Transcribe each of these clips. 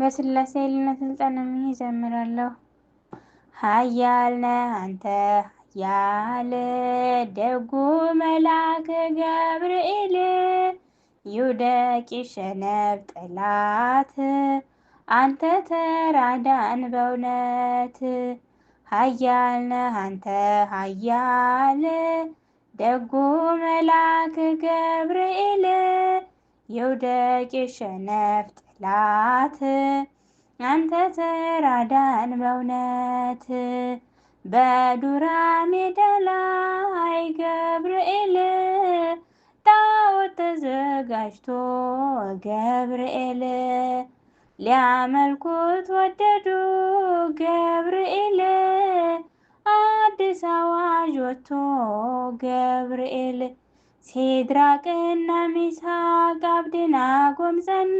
በስላሴ ኃይልና ስልጣን ምን ይዘምራለሁ። ኃያል ነህ አንተ ኃያል ደጉ መልአክ ገብርኤል ይውደቅ ይሸነፍ ጠላት አንተ ተራዳን በእውነት ሀያልነ አንተ ሀያል ደጉ መልአክ ገብርኤል ይውደቅ ይሸነፍ ላት አንተ ተራዳን በእውነት በዱራ ሜዳ ላይ ገብርኤል ጣዖት ተዘጋጅቶ ገብርኤል ሊያመልኩት ወደዱ ገብርኤል አዲስ አዋጅ ወጥቶ ገብርኤል ሲድራቅና ሚሳቅ አብደናጎም ጸኑ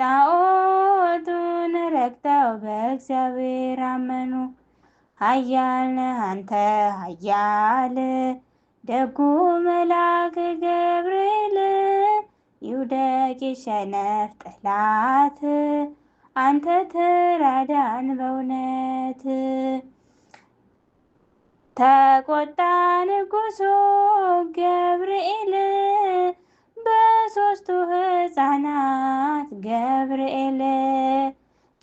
ጣዖቱን ረግጠው በእግዚአብሔር አመኑ። ኃያል አንተ ኃያል ደጉ መልአክ ገብርኤል ይውደቅ ይሸነፍ ጠላት አንተ ትራዳን በእውነት ተቆጣ ንጉሱ ገብርኤል በሶስቱ ህፃናት ገብርኤል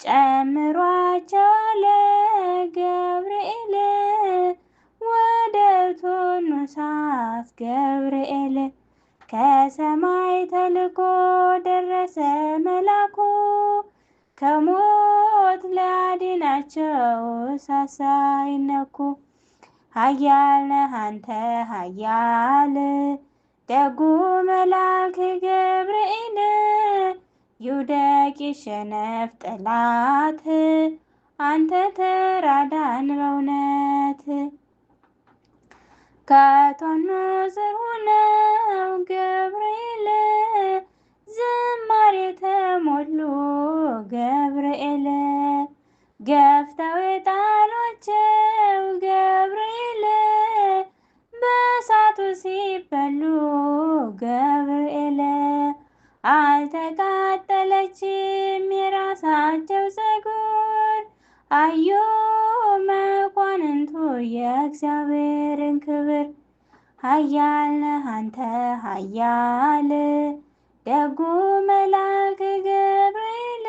ጨምሯቸው አለ ገብርኤል ወደ እቶነ እሳት ገብርኤል ከሰማይ ተልኮ ደረሰ መላኩ ከሞት ሊያድናቸው ሳሳይነኩ ኃያል አንተ ኃያል ደጉ መልአክ ገብርኤል ይውደቅ ይሸነፍ ጠላት አንተ ተራዳን በእውነት ከቶኑ ዝር ሆነው ገብርኤል ዝማሬ ተሞሉ ገብርኤል ገፍተው የጣሏቸው ገብርኤል በሉ ገብርኤል አልተቃጠለችም የራሳቸው ፀጉር አዩ መኳንንቱ የእግዚአብሔርን ክብር። ኃያል ነህ አንተ ኃያል ደጉ መልአክ ገብርኤል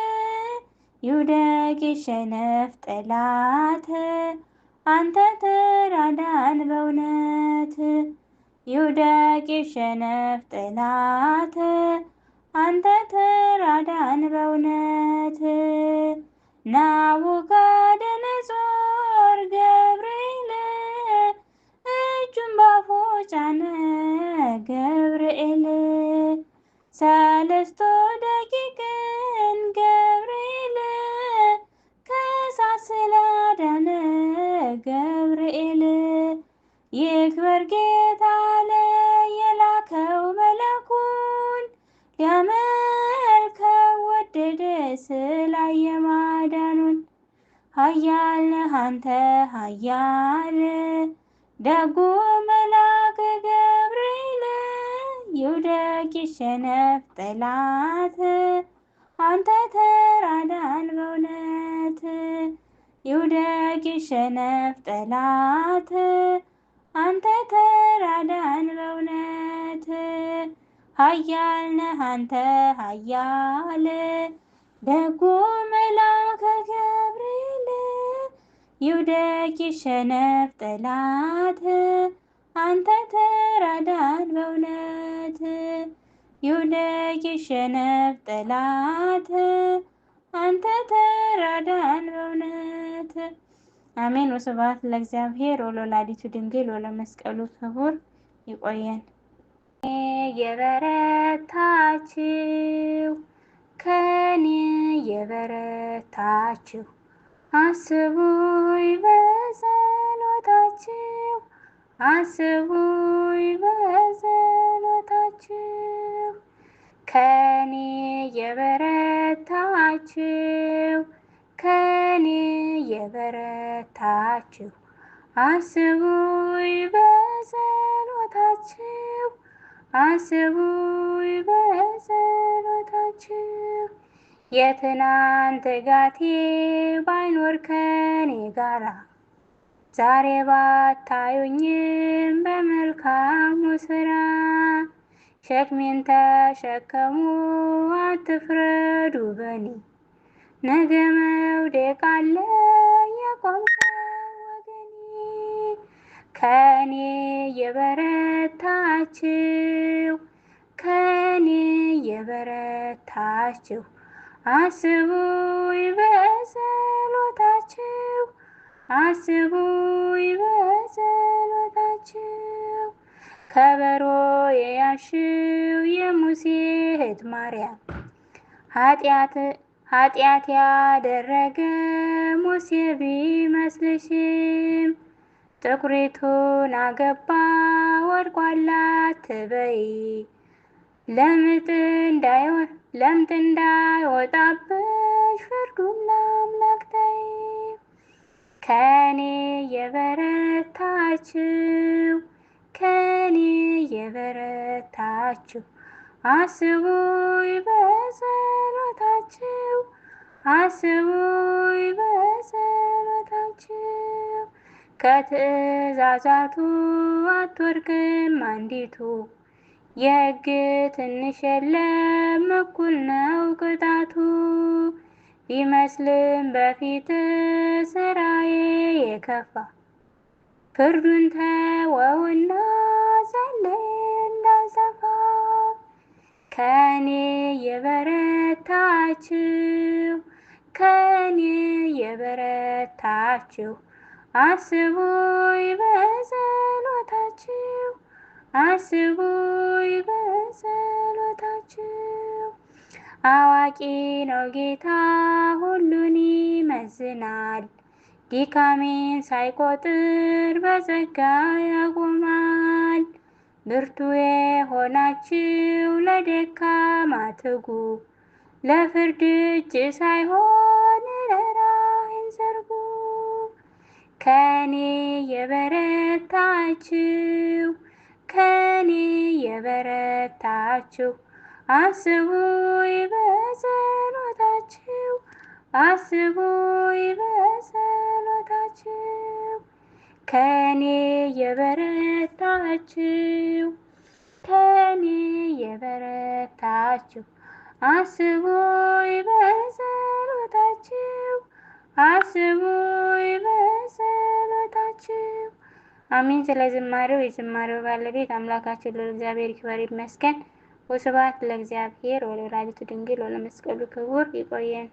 ይውደቅ ይሸነፍ ጠላት አንተ ትራዳን በእውነት ይውደቅ ይሸነፍ ጠላት አንተ ትራዳን በእውነት ናቡከደነጾር ገብርኤል እጁን ባፉ ጫነ ገብርኤል ላይ የማዳኑን ኃያል ነህ አንተ ኃያል ደጉ መልአክ ገብርኤል ይውደቅ ይሸነፍ ጠላት አንተ ተራዳን በእውነት ይውደቅ ይሸነፍ ጠላት አንተ ተራዳን በእውነት ኃያል ነህ አንተ ኃያል ደጉ መልአከ ገብርኤል ይውደቂ ሸነፍ ጠላት አንተ ተራዳን በእውነት ይውደቂ ሸነፍ ጠላት አንተ ተራዳን በእውነት አሜን። ወስብሐት ለእግዚአብሔር ወለወላዲቱ ድንግል ወለመስቀሉ ክቡር። ይቆየን። የበረታችው ከኔ የበረታችሁ አስቡኝ በጸሎታችሁ አስቡኝ በጸሎታችሁ ከኔ የበረታችሁ ከኔ የበረታችሁ አስቡኝ በጸሎታችሁ አስቡኝ በጸሎታችሁ የትናንት ጋቴ ባይኖር ከኔ ጋራ ዛሬ ባታዩኝም በመልካሙ ስራ ሸክሜን ተሸከሙ አትፍረዱ በኔ ነገ መውደቅ አለ የቆምጠው ወገኔ ከእኔ የበረታችሁ ከእኔ የበረታችሁ አስቡ በጸሎታችሁ አስቡ በጸሎታችሁ ከበሮ የያሽው የሙሴ እህት ማርያም ኃጢአት ያደረገ ሙሴ ቢመስልሽም ጥቁሪቱን አገባ ወድቋላት በይ ለምጥ እንዳይሆን ለምጥ እንዳይወጣብሽ ፍርዱን ለአምላክ ተይ። ከኔ የበረታችሁ ከኔ የበረታችሁ አስቡኝ በጸሎታችሁ አስቡኝ በጸሎታችሁ ከትእዛዛቱ አትወርቅም አንዲቱ የሕግ ትንሽ የለም እኩል ነው ቅጣቱ ቢመስልም በፊት ስራዬ የከፋ ፍርዱን ተወውና ጸልይ እንዳልጠፋ ከእኔ የበረታችሁ ከእኔ የበረታችሁ አስቡ በጸሎታችሁ አስቡ በጸሎታችሁ። አዋቂ ነው ጌታ ሁሉን ይመዝናል። ድካሜን ሳይቆጥር በጸጋ ያቆማል። ብርቱ የሆናችሁ ለደካማ ትጉ። ለፍርድ እጅ ሳይሆን ለራሔን ዘርጉ። ከእኔ የበረታችሁ የበረታችሁ አስቡ በጸሎታችሁ አስቡ በጸሎታችሁ ከኔ የበረታችሁ ከኔ የበረታችሁ አስቡ በጸሎታችሁ አሚን። ስለ ዝማሬው የዝማሬው ባለቤት አምላካችን ለእግዚአብሔር እግዚአብሔር ይመስገን። ወስብሐት ለእግዚአብሔር ወለወላዲቱ ድንግል ወለመስቀሉ ክቡር። ይቆየን።